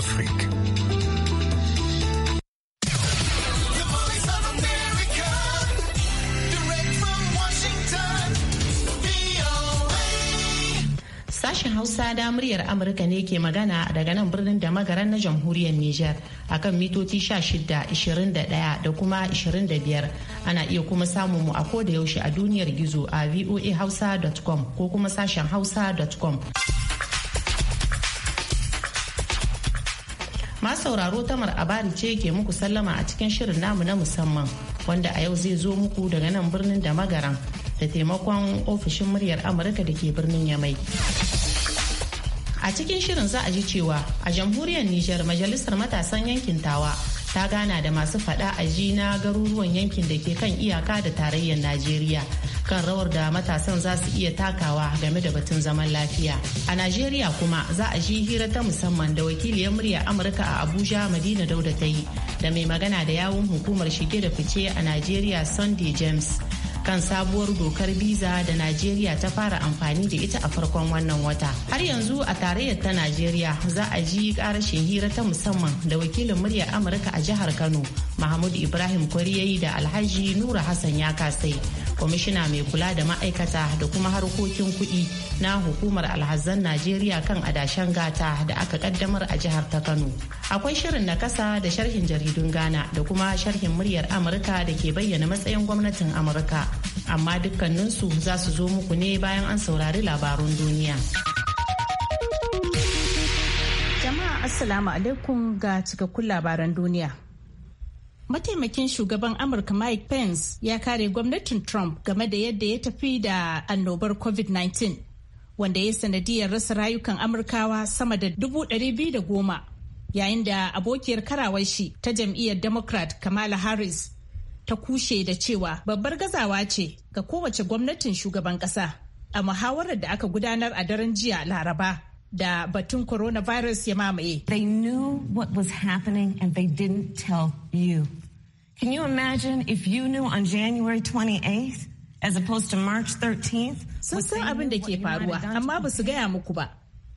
Freak. Sashen Hausa da muryar Amurka ne ke magana daga nan birnin da magaran na jamhuriyar Nijar kan mitoci 16, 21 da kuma 25. Ana iya kuma samun mu a koda yaushe a duniyar gizo a voahausa.com ko kuma sashen hausa.com. Ma sauraro tamar abari ce ke muku sallama a cikin shirin namu na musamman wanda a yau zai zo muku daga nan birnin da magaran da taimakon ofishin muryar Amurka da ke birnin Yamai. A cikin shirin za a ji cewa a jamhuriyar Nijar majalisar matasan yankin Tawa ta gana da masu fada a ji na garuruwan yankin da ke kan iyaka da tarayyar najeriya kan rawar da matasan za su iya takawa game da batun zaman lafiya a najeriya kuma za a ji hira ta musamman da wakiliyar murya amurka a abuja madina dauda ta yi da mai magana da yawun hukumar shige da fice a najeriya sunday james kan sabuwar dokar biza da Najeriya ta fara amfani da ita a farkon wannan wata. Har yanzu a tarayyar ta Najeriya za a ji karashin hira ta musamman da wakilin muryar Amurka a jihar Kano mahmud ibrahim kwariyayi da alhaji nura hassan ya kasai kwamishina mai kula da ma'aikata da kuma harkokin kuɗi na hukumar alhazan najeriya kan adashen gata da aka kaddamar a jihar ta kano akwai shirin na kasa da sharhin jaridun ghana da kuma sharhin muryar amurka da ke bayyana matsayin gwamnatin amurka amma dukkaninsu za su zo muku ne bayan an saurari labarun duniya jama'a assalamu alaikum ga cikakkun labaran duniya mataimakin shugaban amurka mike pence ya kare gwamnatin trump game da yadda ya tafi da annobar covid-19 wanda ya sanadiyar rasa rayukan amurkawa sama da 210 yayin da abokiyar karawar shi ta jam'iyyar democrat kamala harris ta kushe da cewa babbar gazawa ce ga kowace gwamnatin shugaban kasa a muhawarar da aka gudanar a daren jiya laraba da batun coronavirus ya mamaye. They knew what was happening and they didn't tell you. Can you imagine if you knew on January 28th as opposed to March 13th? Sun san abin da ke faruwa, amma ba su gaya muku ba.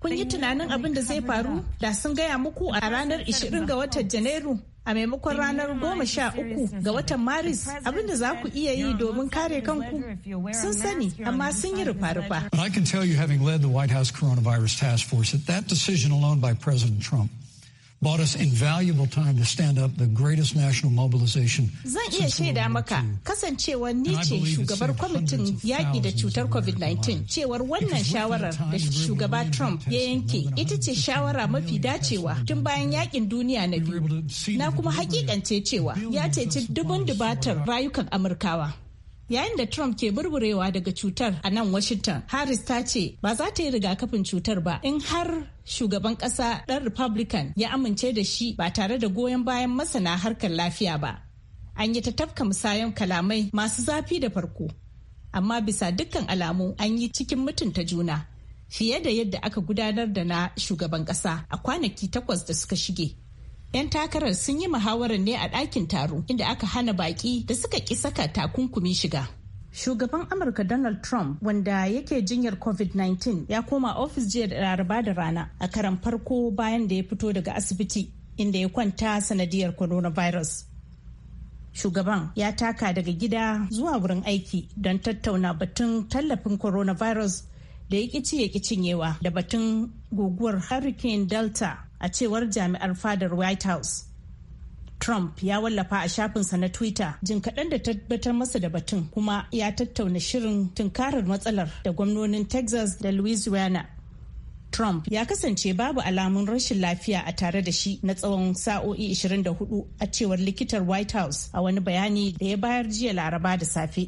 Kun yi tunanin abin da zai faru da sun gaya muku a ranar 20 ga watan Janairu a maimakon ranar 13 ga watan Maris abin da za ku iya yi domin kare kanku sun sani amma sun yi rufa-rufa. I can tell you having led the White House Coronavirus Task Force that that decision alone by President Trump bought us invaluable time to stand up the greatest national mobilization. Zan iya shaida maka kasancewa ni ce shugabar kwamitin yaƙi da cutar COVID-19 cewar wannan shawarar da shugaba Trump ya yanke ita ce shawara mafi dacewa tun bayan yaƙin duniya na biyu. Na kuma hakikance cewa ya ceci dubun dubatar rayukan Amurkawa. Yayin da Trump ke burburewa daga cutar a nan Washington, Harris ta ce ba za ta yi rigakafin cutar ba in har shugaban ƙasa ɗan Republican ya amince da shi ba tare da goyon bayan masana harkar lafiya ba. An yi ta tafka musayan kalamai masu zafi da farko, amma bisa dukkan alamu an yi cikin mutunta juna fiye da yadda aka gudanar da na shugaban ƙasa a kwanaki takwas da suka shige. 'Yan takarar sun yi muhawarar ne a ɗakin taro inda aka hana baƙi da suka ƙi saka takunkumi shiga. Shugaban Amurka Donald Trump wanda yake jinyar COVID-19 ya koma ofis jiya da laraba da rana a karan farko bayan da ya fito daga asibiti inda ya kwanta sanadiyar coronavirus. Shugaban ya taka daga gida zuwa wurin aiki don tattauna batun tallafin coronavirus da ya ƙici ya cinyewa da batun guguwar Hurricane Delta a cewar jami'ar fadar White House. Trump ya wallafa a shafinsa na Twitter jin kaɗan da tabbatar masa da batun kuma ya tattauna shirin tunkarar matsalar da gwamnonin Texas da Louisiana. Trump ya kasance babu alamun rashin lafiya a tare da shi na tsawon sa'o'i 24 a cewar likitar White House a wani bayani da ya bayar jiya laraba da safe.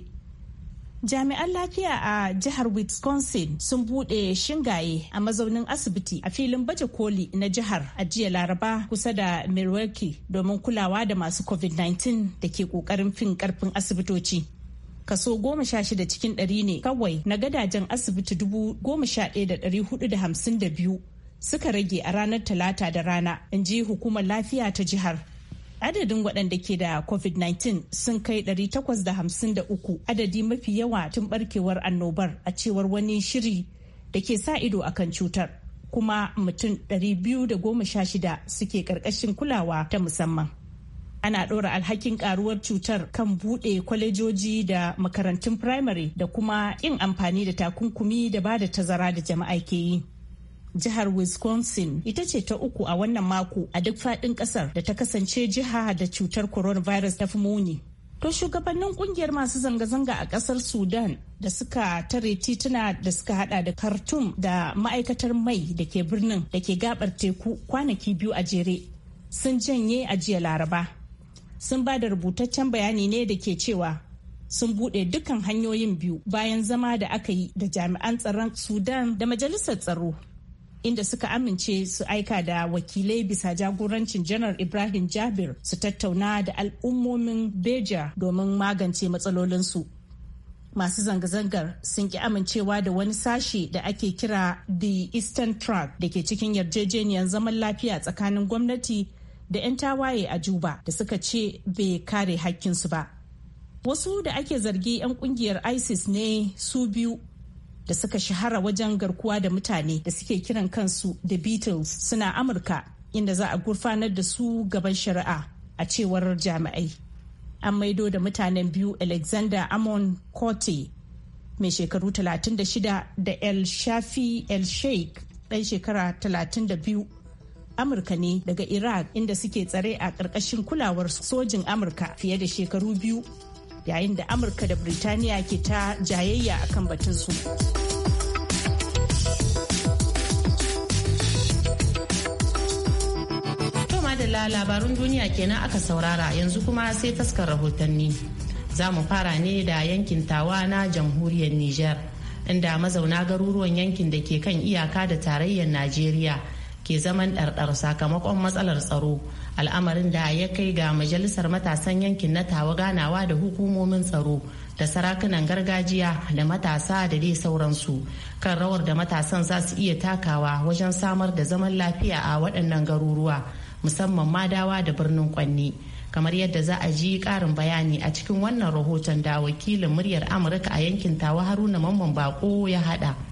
Jami'an lafiya a jihar Wisconsin sun bude shingaye a mazaunin asibiti a filin baje koli na jihar a jiya Laraba kusa da Milwaukee domin kulawa da masu COVID-19 da ke kokarin fin karfin asibitoci. kaso goma sha shida cikin ɗari ne kawai na gadajen asibiti dubu goma sha ɗaya da ɗari hudu da hamsin da biyu suka rage a ranar talata da rana in ji hukumar lafiya ta jihar Adadin waɗanda ke da COVID-19 sun kai 853 adadi mafi yawa tun barkewar annobar a cewar wani shiri da ke sa ido a kan cutar. Kuma mutum 216 suke ƙarƙashin kulawa ta musamman. Ana ɗora alhakin ƙaruwar cutar kan buɗe kwalejoji da makarantun firamare da kuma yin amfani da takunkumi da ba da tazara da jama'a ke yi. jihar Wisconsin ita ce ta uku a wannan mako a duk faɗin ƙasar da ta kasance jiha da cutar coronavirus ta fi muni. To shugabannin kungiyar masu zanga-zanga a ƙasar Sudan da suka tare tituna da suka hada da Khartoum da ma'aikatar mai da ke birnin da ke gabar teku kwanaki biyu a jere sun janye a jiya laraba. Sun ba da rubutaccen bayani ne da ke cewa sun bude dukkan hanyoyin biyu bayan zama da aka yi da jami'an tsaron Sudan da majalisar tsaro inda suka amince su aika da wakilai bisa jagorancin janar Ibrahim Jabir su tattauna da al'ummomin Beja domin magance matsalolinsu. masu zanga-zangar sun ki amincewa da wani sashe da ake kira the eastern track da ke cikin yarjejeniyar zaman lafiya tsakanin gwamnati da 'yan tawaye a juba da suka ce bai kare hakkinsu ba wasu da ake zargi 'yan kungiyar isis ne su biyu da suka shahara wajen garkuwa da mutane da suke kiran kansu The Beatles suna Amurka inda za a gurfanar da su gaban shari'a a cewar jami'ai. An maido da mutanen biyu Alexander Amon Cote mai shekaru 36 da El Shafi El Sheikh ɗan shekara 32 Amurka ne daga Iraq inda suke tsare a ƙarƙashin kulawar sojin Amurka fiye da shekaru biyu yayin da amurka da birtaniya ke ta jayayya akan batunsu. adala labarun duniya kenan aka saurara yanzu kuma sai taskar rahotanni za mu fara ne da yankin tawa na jamhuriyar niger inda mazauna garuruwan yankin da ke kan iyaka da tarayyar najeriya ke zaman ɗarɗar sakamakon matsalar tsaro al'amarin da ya kai ga majalisar matasan yankin na tawa ganawa da hukumomin tsaro da sarakunan gargajiya da matasa da dai sauransu kan rawar da matasan za su iya takawa wajen samar da zaman lafiya a waɗannan garuruwa musamman madawa da birnin kwanni kamar yadda za a ji ƙarin bayani a cikin wannan rahoton da wakilin muryar amurka a yankin tawa haruna mamman bako ya haɗa.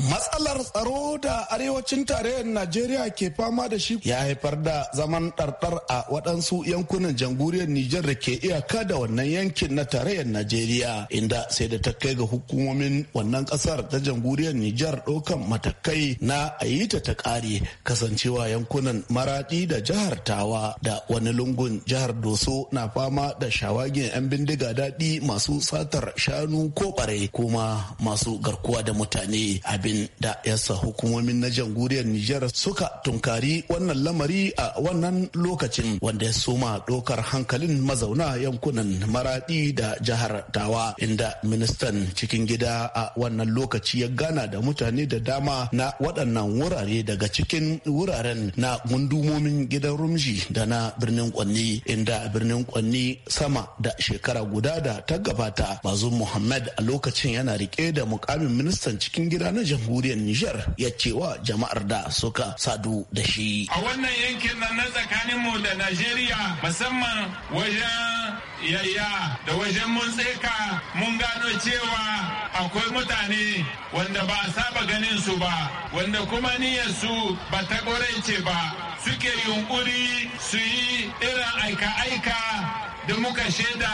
Matsalar tsaro da arewacin tarayyar Najeriya ke fama da shi ya haifar da zaman ɗarɗar a waɗansu yankunan jamhuriyar Nijar da ke iyaka da wannan yankin na tarayyar Najeriya inda sai da ta kai ga hukumomin wannan ƙasar ta jamhuriyar Nijar ɗaukan matakai na ayita ta ƙare kasancewa yankunan Maraɗi da jihar Tawa da wani lungun jihar Doso na fama da shawagin 'yan bindiga daɗi masu satar shanu ko ɓarai kuma masu garkuwa da mutane abin abin da yasa hukumomin na jamhuriyar Nijar suka tunkari wannan lamari a wannan lokacin wanda ya soma dokar hankalin mazauna yankunan maradi da jihar Tawa inda ministan cikin gida a wannan lokaci ya gana da mutane da dama na waɗannan wurare daga cikin wuraren na gundumomin gidan rumji da na birnin Kwanni inda birnin Kwanni sama da shekara guda da ta gabata Bazum Muhammad a lokacin yana rike da mukamin ministan cikin gida na jamhuriyar Nijar ya cewa jama'ar da suka sadu da shi. A wannan yankin nan na tsakaninmu da Najeriya musamman wajen yayya da wajen mun tseka mun gano cewa akwai mutane wanda ba a saba ganin su ba wanda kuma niyyar su ba ta ƙorance ba suke yunƙuri su yi irin aika-aika duk muka shaida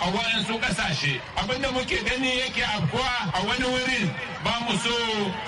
a waɗansu ƙasashe abinda muke gani yake afkuwa a wani wurin ba mu so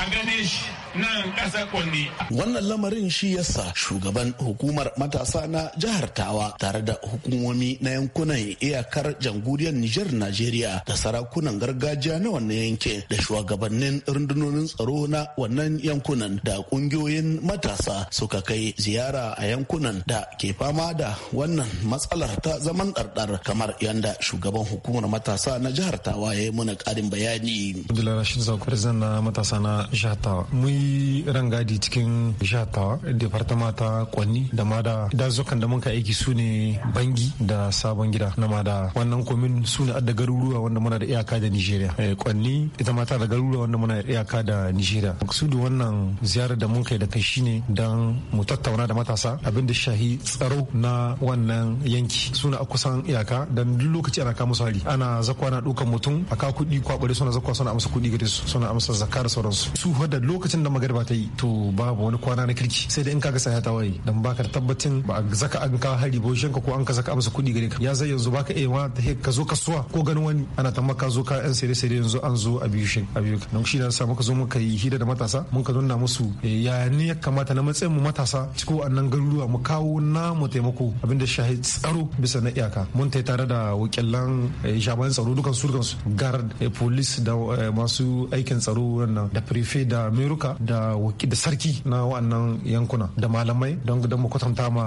a gane shi nan kasa kwanne. Wannan lamarin shi yasa shugaban hukumar matasa na jihar Tawa tare da hukumomi na yankunan iyakar jamhuriyar Nijar Najeriya da sarakunan gargajiya na wannan yanke da shugabannin rundunonin tsaro na wannan yankunan da kungiyoyin matasa suka kai ziyara a yankunan da ke fama da wannan matsalar ta zaman ɗarɗar kamar yanda shugaban hukumar matasa na jihar Tawa ya yi mana karin bayani. Abdullahi Rashid Zaku, Firzan na matasa na jihar Tawa. Mun yi rangadi cikin jihar Tawa, Departama ta Kwanni da Mada. Dazukan da muka aiki su ne Bangi da Sabon Gida na Mada. Wannan komin su ne adda garuruwa wanda muna da iyaka da Nigeria. Eh, Kwanni ita ma da garuruwa wanda muna da iyaka da Nigeria. Maksudu wannan ziyarar da mun kai da kai shine don mu tattauna da matasa abin da shahi tsaro na wannan yanki suna kusa. kusan iyaka dan duk lokaci ana kawo hari ana zakwa na dukan mutum a ka kuɗi kwakwari suna zakwa suna amsa kuɗi gare su suna amsa zakka da sauransu su da lokacin da magariba ta yi to babu wani kwana na kirki sai da in kaga saya ta waye dan baka da tabbacin ba zaka an ka hari boshin ka ko an ka zaka amsa kuɗi gare ka ya zai yanzu baka ewa ma ta ka zo kasuwa ko ganin wani ana ta maka zo ka yan sai sere yanzu an zo a biyu shin a biyu don shi da sa muka zo muka yi hira da matasa mun ka nuna musu eh, ya ne ya kamata na matsayin mu matasa ciko wannan garuruwa mu kawo namu taimako abinda shahid tsaro bisa na iyaka haka mun ta tare da wakilan eh, jami'an tsaro dukan su dukan su guard eh, police da eh, masu aikin tsaro wannan da prefect da meruka da da sarki na wa'annan yankuna da malamai don don mu kwatanta ma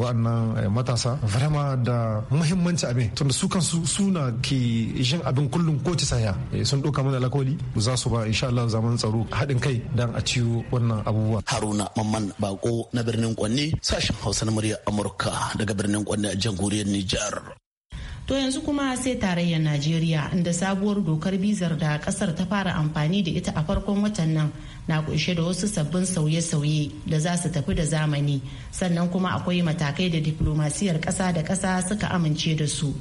wa'annan matasa vraiment da muhimmanci abin tunda su su suna ke jin abin kullum ko ci saya sun doka mana alkawali za su ba insha Allah zaman tsaro haɗin kai dan a ciwo wannan abubuwa haruna mamman bako na birnin kwanni sashen hausa na murya amurka daga birnin kwanni a jamhuriyar Nijar. To yanzu kuma sai tarayyar Najeriya inda sabuwar dokar bizar da kasar ta fara amfani da ita a farkon watan nan na kunshe da wasu sabbin sauye-sauye da za su tafi da zamani sannan kuma akwai matakai da diplomasiyar ƙasa da ƙasa suka amince da su.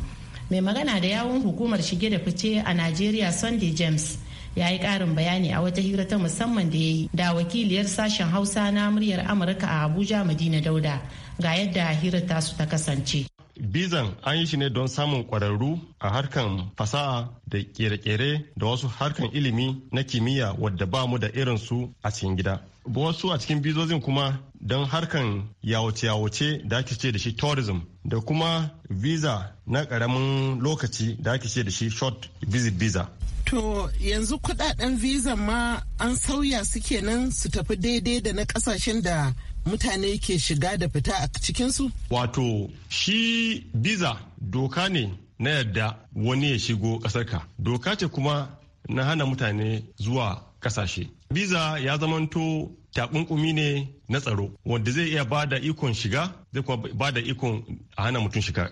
Mai magana da yawun hukumar shige da fice a Najeriya Sunday James ya yi ƙarin bayani a wata hira ta musamman da ya yi da wakiliyar sashen Hausa na muryar Amurka a Abuja Madina Dauda ga yadda hirar su ta kasance. Bizan an yi shi ne don samun kwararru a harkan fasaha da kere-kere da wasu harkan ilimi na kimiyya wadda ba mu da irinsu a cikin gida. Wasu a cikin bizozin kuma don harkan yawace-yawace da ake ce da shi tourism da kuma visa na karamin lokaci da ake ce da shi short visit visa. To yanzu kudaden visa ma an sauya suke nan su tafi daidai da na kasashen da mutane ke shiga da fita a cikinsu? Wato, shi biza doka ne na yadda wani ya shigo ƙasarka. Doka ce kuma na hana mutane zuwa ƙasashe. Biza ya zamanto takunkumi ne na tsaro wanda zai iya ba da ikon shiga zai kuma ba da ikon a hana mutum shiga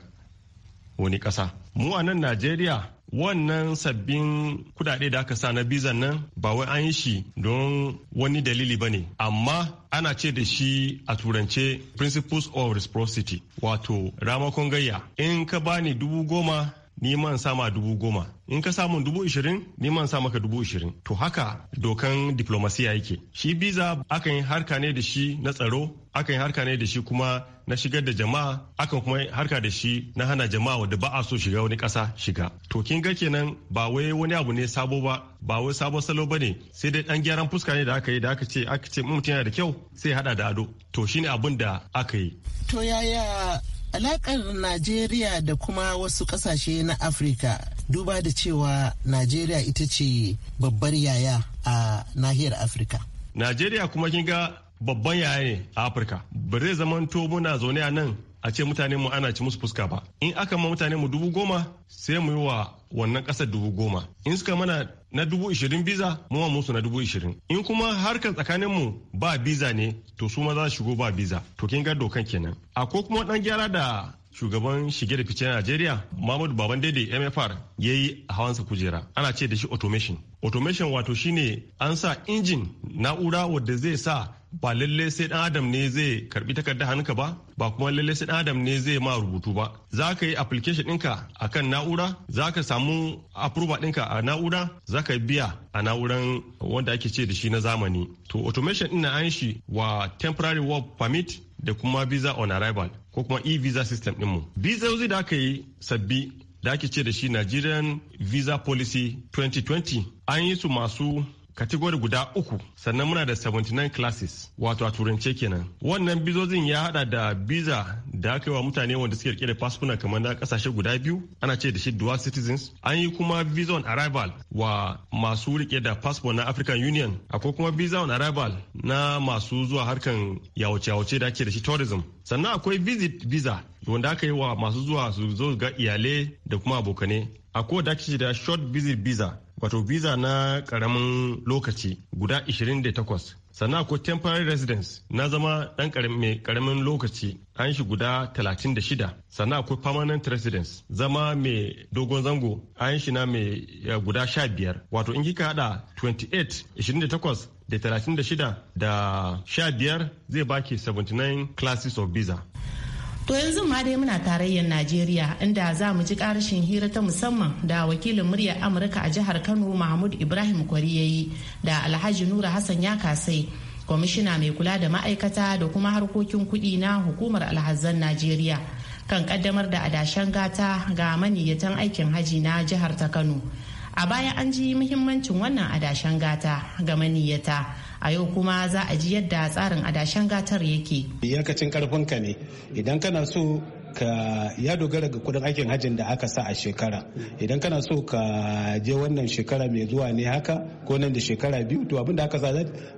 wani ƙasa. Mu a nan Najeriya wannan sabbin kudade da aka sa na bizan nan ba wai an yi shi don wani dalili ba ne amma ana ce da shi a turance principles of reciprocity wato ramakon gayya in ka bani dubu goma ni man sama dubu goma in ka samu dubu ishirin ni man sa maka dubu ishirin to haka dokan diplomasiya yake shi biza akan yi harka ne da shi na tsaro akan yi harka ne da shi kuma na shigar da jama'a akan kuma harka da shi na hana jama'a wadda ba a so shiga wani kasa shiga to kin ga kenan ba wai wani abu ne sabo ba ba wai sabo salo bane sai dai dan gyaran fuska ne da aka yi da aka ce aka ce mutum yana da kyau sai hada da ado to shine abin da aka yi to yaya alakar najeriya da kuma wasu kasashe na afirka duba da cewa najeriya ita ce babbar yaya a nahiyar afirka najeriya kuma kin ga babban yaya ne a afirka ba zai zamanto muna zaune a nan a ce mutane mu ana ci musu fuska ba in aka ma mutane mu dubu goma sai mu yi wa wannan kasar dubu goma in suka mana na dubu ishirin biza mu musu na dubu ishirin in kuma harkar tsakanin mu ba biza ne to su ma za su shigo ba biza to kin ga dokan kenan akwai kuma dan gyara da shugaban shige da fice na Najeriya Muhammadu Baban Dede MFR yayi a hawansa kujera ana ce da shi automation automation wato shine an sa injin na'ura wadda zai sa ba lalle sai dan adam ne zai karbi takardar hannunka ba ba kuma lalle sai dan adam ne zai ma rubutu ba za ka yi application ɗinka a kan na'ura za ka samu approval ɗinka a na'ura za ka biya a na'uran wanda ake ce da shi na zamani to automation ɗin na an shi wa temporary work permit da kuma visa on arrival ko kuma e-visa system ɗinmu. zai da aka yi sabbi da ake ce da shi Nigerian Visa Policy 2020 an yi su masu kategori guda uku sannan muna da 79 classes wato a turance kenan wannan bizozin ya hada da biza da aka yi wa mutane wanda suke rike da fasfuna kamar na kasashe guda biyu ana ce da shi dual citizens an yi kuma visa on arrival wa masu rike da fasfo na african union akwai kuma visa on arrival na masu zuwa harkan yawace-yawace da ake da shi tourism sannan akwai visit visa wanda aka yi wa masu zuwa su zo ga iyalai da kuma abokane a ko da ake da short visit visa wato visa na karamin lokaci guda 28 sannan ko temporary residence na zama dan karamin karamin lokaci an shi guda 36 sannan ko permanent residence zama mai dogon zango an shi na mai guda 15 wato in kika hada 28 28 da 36 da 15 zai baki 79 classes of visa To yanzu ma dai muna tarayyar Najeriya inda za mu ji karashin hira ta musamman da wakilin muryar Amurka a jihar Kano Mahmud Ibrahim Kwari yayi da Alhaji Nura Hassan ya kasai kwamishina mai kula da ma'aikata da kuma harkokin kuɗi na hukumar alhazan Najeriya kan kaddamar da adashen gata ga maniyyatan aikin haji na jihar ta Kano. A baya an ji muhimmancin wannan adashen gata ga maniyyata a yau kuma za a ji yadda tsarin adashen gatar yake karfin ka ne idan kana so ka ya dogara ga kudin aikin hajjin da aka sa a shekara idan kana so ka je wannan shekara mai zuwa ne haka ko nan da shekara biyu to abin da aka sa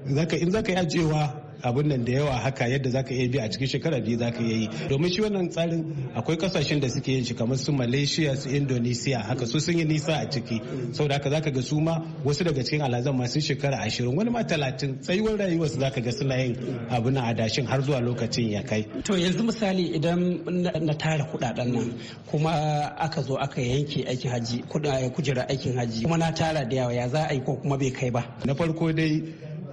zaka in zaka yi ajiyewa abun nan da yawa haka yadda zaka iya bi a cikin shekara biyu zaka iya yi domin shi wannan tsarin akwai kasashen da suke yin shi kamar su Malaysia su Indonesia haka su sun yi nisa a ciki saboda haka zaka ga su ma wasu daga cikin al'azan masu shekara ashirin wani ma talatin tsayuwar rayuwar su zaka ga suna yin abu na adashin har zuwa lokacin ya kai. To yanzu misali idan na tara kudaden nan kuma aka zo aka yanke aikin haji kujera aikin hajji kuma na tara da yawa ya za a yi ko kuma bai kai ba. Na farko dai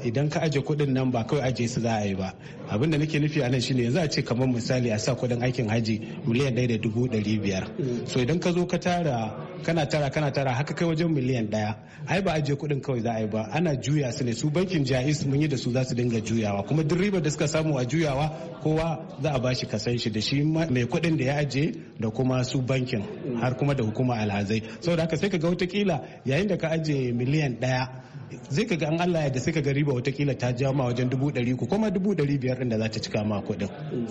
idan ka aje kuɗin nan ba kawai aje su za a yi ba abin da nake nufi a nan shine yanzu a ce kamar misali a sa kudin aikin haji miliyan daya da dubu ɗari biyar so idan ka zo ka tara kana tara kana tara haka kai wajen miliyan ɗaya ai ba aje kuɗin kawai za a yi ba ana juya su ne su bankin jais mun yi da su za su dinga juyawa kuma duk ribar da suka samu a juyawa kowa za a bashi kasan shi da shi mai kuɗin da ya aje da kuma su bankin har kuma da hukuma alhazai saboda haka sai ka ga watakila yayin da ka aje miliyan daya. zai ka ga an Allah yadda sai ka ga riba watakila ta ja ma wajen dubu ɗari ku kuma dubu ɗari biyar ɗin da za ta cika ma kuɗin.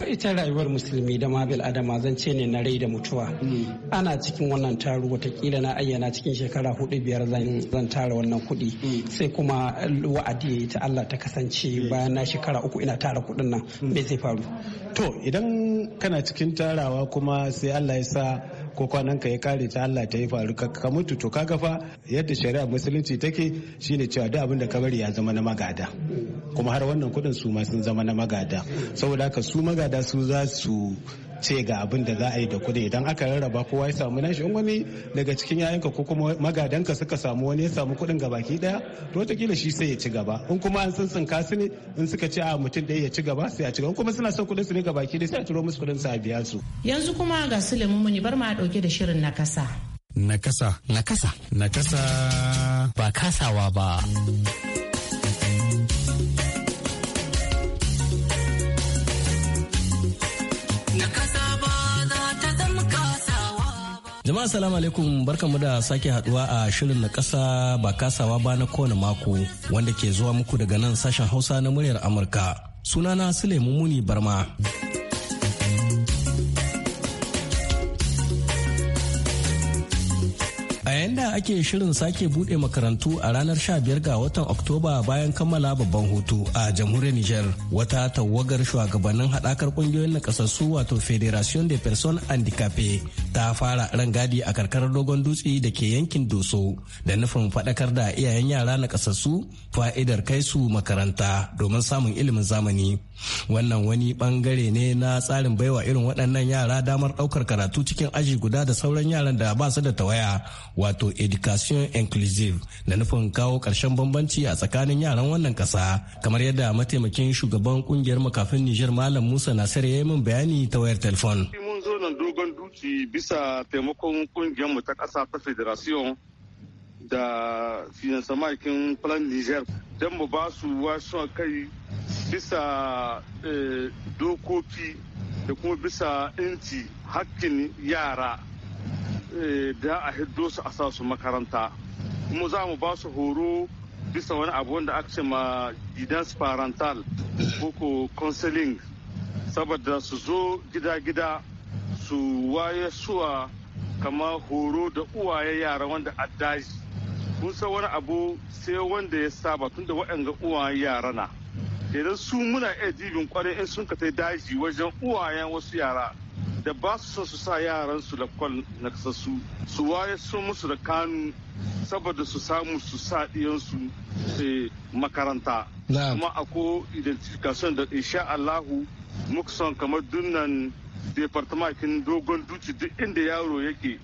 ita rayuwar musulmi da mabil adama zan ce ne na rai da mutuwa hmm. ana cikin wannan taro watakila na ayyana cikin shekara hudu biyar zan tara wannan kuɗi hmm. sai kuma wa'adi ta Allah ta kasance bayan na shekara uku ina tara kuɗin nan hmm. me zai faru. to idan kana cikin tarawa kuma sai Allah ya sa ko kwanan ka ya kare ta Allah ta yi faru ka mutu to kaga fa yadda shari'a musulunci take shine cewa duk abinda ka bari ya zama na magada kuma har wannan kudin su ma sun zama na magada saboda haka su magada su za su ce ga abin da za a yi da kudi idan aka rarraba kowa ya samu nashi in wani daga cikin yayanka ko kuma magadanka suka samu wani ya samu kuɗin baki daya to wataƙila shi sai ya ci gaba in kuma an sun kasu ne in suka ce a mutum ɗaya ya ci gaba sai a ci gaba kuma suna son kudin su ne baki daya sai a turo musu kudin su a biya su. yanzu kuma ga su lemu bar ma ɗauke da shirin na kasa. na kasa na kasa na kasa ba kasawa ba. Jama'a salamu alaikum barkanmu da sake haduwa a shirin na kasa ba kasawa ba na kowane mako wanda ke zuwa muku daga nan sashen Hausa na muryar Amurka. Sunana Suleiman Muni Barma. A da ake shirin sake bude makarantu a ranar 15 ga watan Oktoba bayan kammala babban hutu a jamhuriyar Nijar, wata tawagar shugabannin haɗakar ƙungiyoyin nakasassu wato Federation de Personnes Handicapées ta fara rangadi a karkarar dogon dutse da ke yankin doso da nufin faɗakar da iyayen yara na ƙasassu fa'idar kai su makaranta domin samun ilimin zamani wannan wani bangare ne na tsarin baiwa irin waɗannan yara damar ɗaukar karatu cikin aji guda da sauran yaran da ba su da tawaya wato education inclusive da nufin kawo ƙarshen bambanci a tsakanin yaran wannan ƙasa kamar yadda mataimakin shugaban kungiyar makafin Nijar Malam Musa Nasir ya yi min bayani ta wayar telefon. gwamnati bisa taimakon kungiyarmu ta ƙasa ta federation da fiyansa makin plan niger don mu ba su wasu kai bisa eh, dokoki da kuma bisa inci hakkin yara eh, da a hiddo su a sa su makaranta kuma za mu ba su horo bisa wani abu wanda aka ce ma guidance parental ko counseling saboda su zo gida-gida su waye suwa kama horo da uwaye yara wanda a daji kun san wani abu sai wanda ya saba da waɗanda uwaye yara na idan su muna iya jibin kwarai in sun kai daji wajen uwayen wasu yara da ba su son su sa yaran su da kwal na kasassu su waye su musu da kanu saboda su samu su sa su eh, makaranta kuma ako identification da insha Allahu muka son kamar dunnan kin dogon duci duk inda yaro yake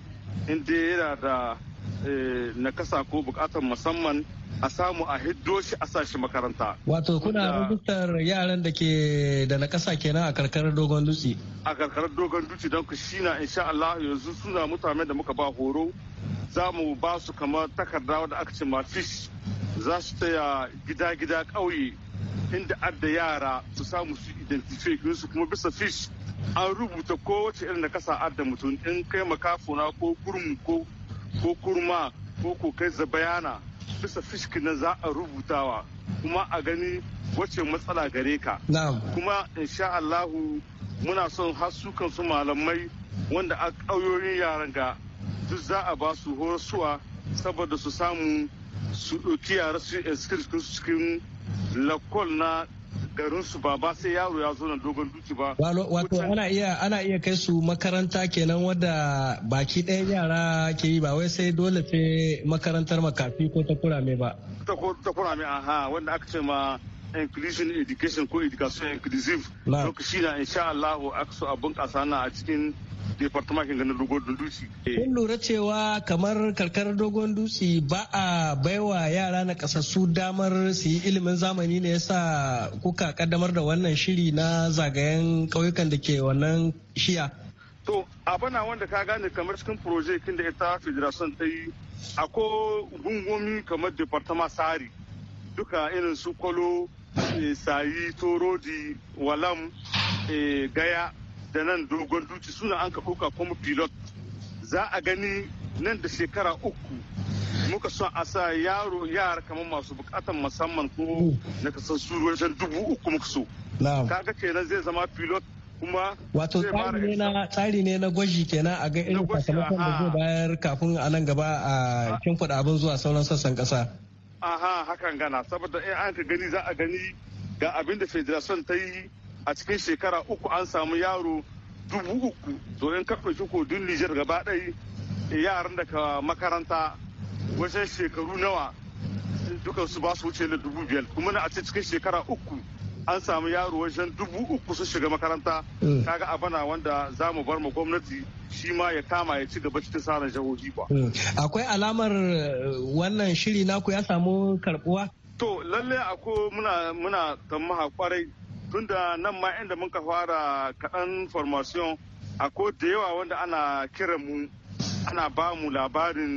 inda yana da eh, nakasa ko bukatar musamman a samu a hiddo shi a sashi makaranta. Wato kuna rubutar yaran da ke da ke kenan a karkarar dogon dutse? A karkarar dogon dutse don ku shi na insha Allah yanzu suna mutane da muka ba horo za mu ba su kamar takarda da aka ce ma fish za su taya gida-gida ƙauye inda adda yara su samu su identify su kuma bisa fish an rubuta ko kowace irin da kasa adda mutum in kai makafuna ko kurmu ko kurma ko ko kai zabayana bisa fish na za a rubutawa kuma a gani wace matsala gare ka kuma insha Allahu muna son har su malamai wanda a ƙauyoyin yaran ga duk za a ba su horasuwa saboda su samu su ɗauki yara su cikin lakol na garinsu su ba ba sai yaro ya zo na dogon duki ba wato ana iya ana iya kai su makaranta kenan wadda baki ɗaya yara ke yi ba wai sai dole ce makarantar makafi ko ta kurame ba ta kurame aha wanda aka ce ma inclusion education ko education inclusive lokaci na insha Allah aka so a bunƙasa na a cikin department kin ganin dogon dutse kun lura cewa kamar Karkar dogon dutse ba a baiwa yara na kasassu damar su yi ilimin zamani ne yasa kuka kaddamar da wannan shiri na zagayen kauyukan da ke wannan shiya to abana wanda ka gane kamar cikin proje kin da ita federation ta yi akwai gungomi kamar departama sari duka irin su kwalo eh, sayi torodi walam eh, gaya da nan dogon duci suna an ka ɗauka kuma pilot za a gani nan da shekara uku muka son a sa yaro yara kamar masu bukatan musamman ko na kasan su wajen dubu uku muka so kaga kenan zai zama pilot kuma wato tsari ne na gwaji kenan a ga irin sakamakon da zai bayar kafin a nan gaba a kimfada ah. abin zuwa sauran sassan kasa aha hakan gana saboda in an ka gani za a gani ga abin da federation ta yi a cikin shekara uku an samu yaro dubu uku domin kakwai shi ko dun nijar gaba ɗai eh, yaran daga makaranta wajen shekaru nawa duka su ba su wuce da dubu biyar kuma na a cikin shekara uku an samu yaro wajen dubu uku su shiga makaranta mm. kaga abana wanda za mu bar mu gwamnati shi ma ya kama ya ci gaba cikin tsarin jihohi ba. Mm. akwai alamar eh, wannan shiri naku ya samu karbuwa to lalle akwai muna muna tamaha kwarai tunda nan ma inda muka fara kaɗan formation a ko da yawa wanda ana kira mu ana ba mu labarin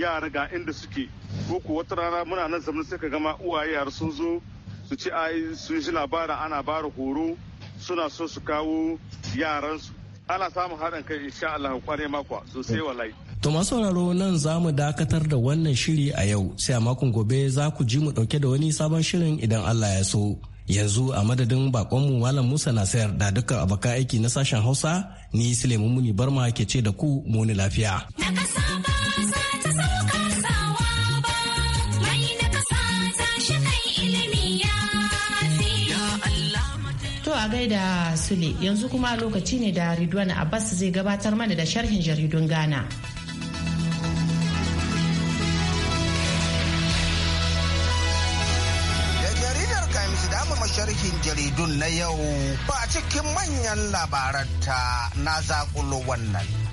yara ga inda suke ko ko wata rana muna nan zama sai ka gama uwaye yara sun zo su ci ai sun ji labarin ana bara horo suna so su kawo yaran su ana samun haɗin kai insha Allah kware makwa sosai wallahi To masu sauraro nan za mu dakatar da wannan shiri a yau sai a makon gobe za ku ji mu ɗauke da wani sabon shirin idan Allah ya so. yanzu a madadin bakonmu malam musa na sayar da dukkan abokan aiki na sashen hausa ni sulaiman muni barma ke ce da ku muni lafiya To a gaida Sule yanzu kuma lokaci ne da Ridwan Abbas zai gabatar mana da sharhin jaridun gana. jaridun na yau ba cikin manyan labaranta na zakulo wannan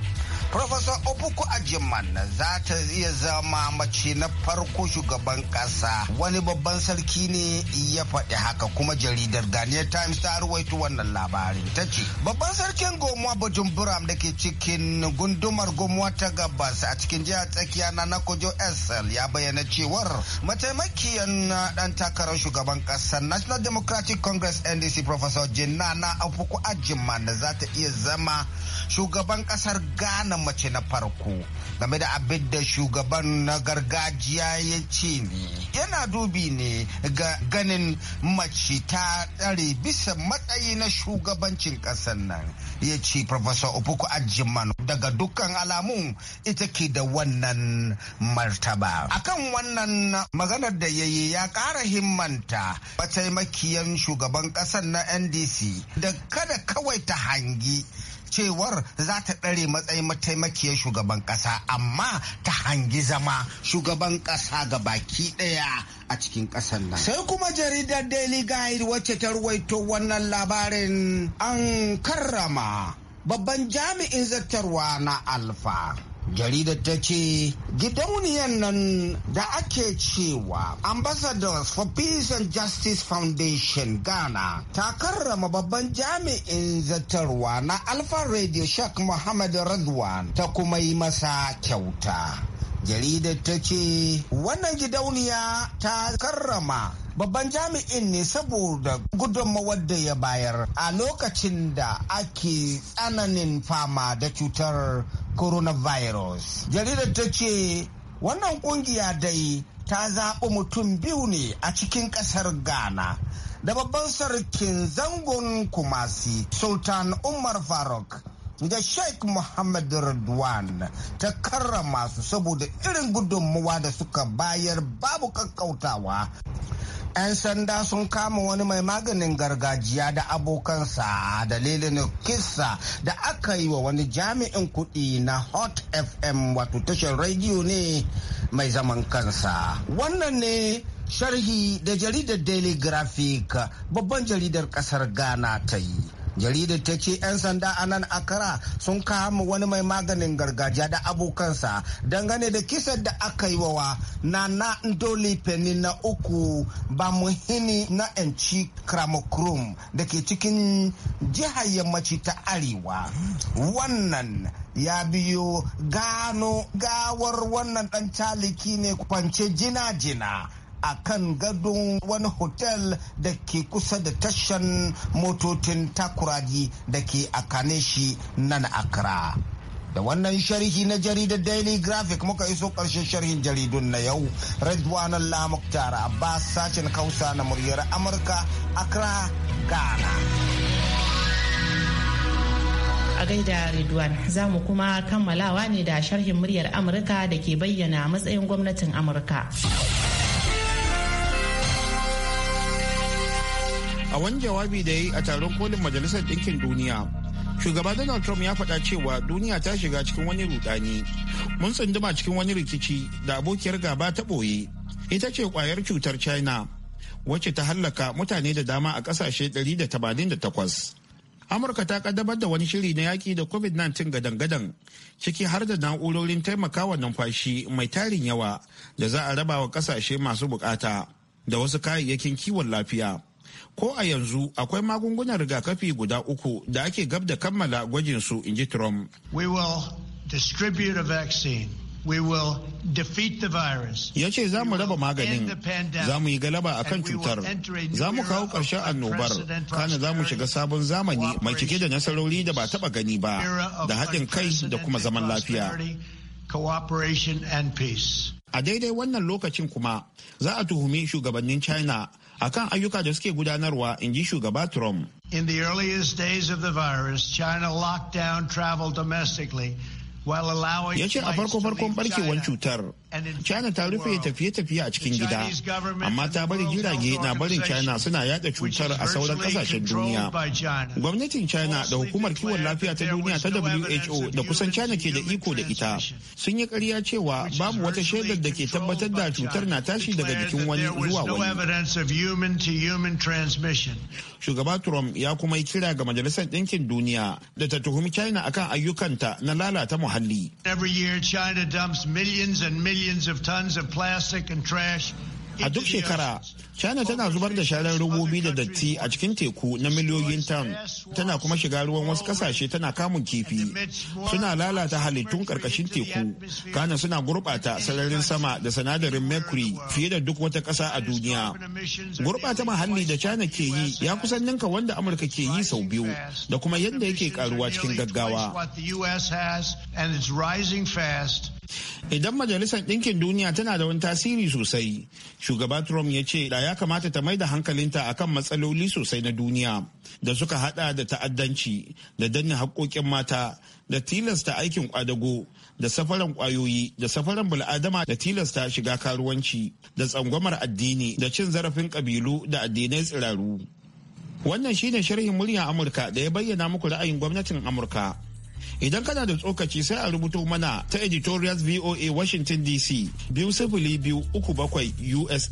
Professor Obuku Ajiman za ta iya zama mace na farko shugaban kasa wani babban sarki ne ya faɗi haka kuma jaridar Ghana Times ta ruwaito wannan labarin ta ce babban sarkin Gomuwa Bujumbura da ke cikin gundumar Gomuwa ta gabas a cikin jihar tsakiya na Nakojo SL ya bayyana cewar mataimakiyan dan takarar shugaban ƙasa National Democratic Congress NDC Professor Jinana Obuku Ajiman za ta iya zama shugaban kasar ghana mace na farko game da abin da shugaban na gargajiya ya ce ne yana dubi ne ga ganin mace ta dare bisa matsayi na shugabancin kasar nan ya ce professor opuku ajiman daga dukkan alamu ita ke da wannan martaba akan wannan maganar da ya yi ya kara himmanta mataimakiyan shugaban kasar na ndc da kada kawai ta hangi cewar za ta ɗare matsayin mataimakiyar shugaban ƙasa amma ta hangi zama shugaban ƙasa ga baki ɗaya a cikin ƙasar nan. Sai kuma jaridar Daily Guide wacce ta ruwaito wannan labarin an karrama babban jami'in zartarwa na Alfa. jaridar ta ce gidauniyan nan da ake cewa ambassadors for peace and justice foundation ghana ta karrama babban jami'in zatarwa na alfa radio shak muhammad radwan ta kuma yi masa kyauta jaridar ta ce wannan gidauniya ta karrama babban jami'in ne saboda gudunmawar da ya bayar a lokacin da ake tsananin fama da cutar coronavirus jaridar ta ce wannan kungiya dai ta zaɓi mutum biyu ne a cikin ƙasar ghana da babban sarkin zangon kumasi sultan umar faruk da sheikh muhammad Radwan ta karrama su saboda irin gudunmuwa da suka bayar babu kakkautawa 'yan sanda sun kama wani mai maganin gargajiya da abokansa dalilin kisa da aka yi wa wani jami'in kuɗi na hot fm wato tashar rediyo ne mai zaman kansa wannan ne sharhi da jaridar daily graphic babban jaridar ƙasar ghana ta yi jaridar ta ce 'yan sanda a nan akara sun kama wani mai maganin gargajiya da abokansa dangane da kisan da aka yi wawa na na ndoli peni na uku ba muhini na yanci kramokrom da ke cikin jihar yammaci ta arewa wannan ya biyo gano gawar wannan dan caliki ne kwance jina-jina a kan gadon wani hotel da ke kusa da tashan motocin takuradi da ke a kaneshi nan accra da wannan sharhi na jaridar daily graphic muka iso karshen sharhin jaridun na yau redwan allah muktar abbas sashen kausa na muryar amurka accra ghana a gaida redwan za mu kuma kammalawa ne da sharhin muryar amurka da ke bayyana matsayin gwamnatin amurka a wani jawabi da ya yi a taron kolin majalisar ɗinkin duniya shugaba donald trump ya faɗa cewa duniya ta shiga cikin wani rudani mun tsunduma cikin wani rikici da abokiyar gaba ta ɓoye ita ce kwayar cutar china wacce ta hallaka mutane da dama a ƙasashe 188 amurka ta kaddamar da wani shiri na yaki da covid-19 gadan-gadan ciki har da na'urorin taimakawa numfashi mai tarin yawa da za a raba wa kasashe masu bukata da wasu kayayyakin kiwon lafiya ko a yanzu akwai magungunan rigakafi guda uku da ake gab da kammala gwajinsu in ji Trump. We will distribute a vaccine. Ya ce za mu raba maganin, za mu yi galaba a kan cutar, za mu kawo ƙarshen annobar, kana za mu shiga sabon zamani mai cike da nasarori da ba taɓa gani ba, da haɗin kai da kuma zaman lafiya. A daidai wannan lokacin kuma za a tuhumi shugabannin China akan ayyuka da suke gudanarwa in ji shugaba Trump. In the earliest days of the virus, China locked down travel domestically. Ya ce a farko-farkon barkewar cutar, China ta rufe tafiye-tafiye a cikin gida, amma ta bari jirage na barin China suna yada cutar a sauran kasashen duniya. Gwamnatin China da hukumar kiwon lafiya ta duniya ta WHO da kusan China ke da iko da ita sun yi karya cewa babu wata shaidar da ke tabbatar da cutar na tashi daga jikin wani zuwa wani. Shugaba Trump ya kuma yi kira ga Majalisar Ɗinkin Duniya da ta tuhumi China akan ayyukanta na lalata muhalli. Every China dumps millions A duk shekara, China tana zubar da sharar robobi da datti a cikin teku na miliyoyin tan, tana kuma shiga ruwan wasu kasashe tana kamun kifi. Suna lalata halittun karkashin teku, kana suna gurbata sararin sama da sanadarin mercury fiye da duk wata ƙasa a duniya. Gurbata muhalli da China ke yi ya kusan ninka wanda Amurka ke yi sau biyu, da kuma yadda yake karuwa cikin gaggawa. idan majalisar ɗinkin duniya tana da wani tasiri sosai shugaba trump ya ce da ya kamata ta mai da hankalinta akan matsaloli sosai na duniya da suka hada da ta'addanci da danne haƙoƙin mata da tilasta aikin ƙwadago, da safaran ƙwayoyi, da safaran bul'adama da tilasta shiga karuwanci da tsangwamar addini da cin zarafin ƙabilu da addinai tsiraru wannan shine sharhin murya amurka da ya bayyana muku ra'ayin gwamnatin amurka idan kana da tsokaci sai a rubuto mana ta editorials voa washington dc biyu sifili biyu uku bakwai usa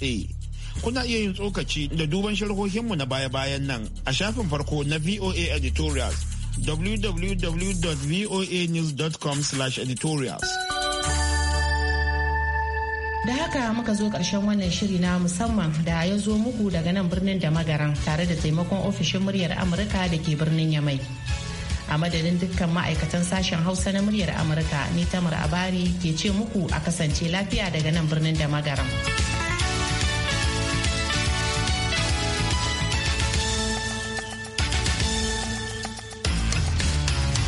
kuna iya yin tsokaci da duban sharhohinmu na baya-bayan nan a shafin farko na voa editorials www.voanews.com/editorials da haka muka zo karshen wannan shiri na musamman da ya zo muku daga nan birnin da magaran tare da taimakon ofishin muryar amurka da ke birnin yamai a madadin dukkan ma'aikatan sashen hausa na muryar amurka ni tamar abari ke ce muku a kasance lafiya daga nan birnin da magaram.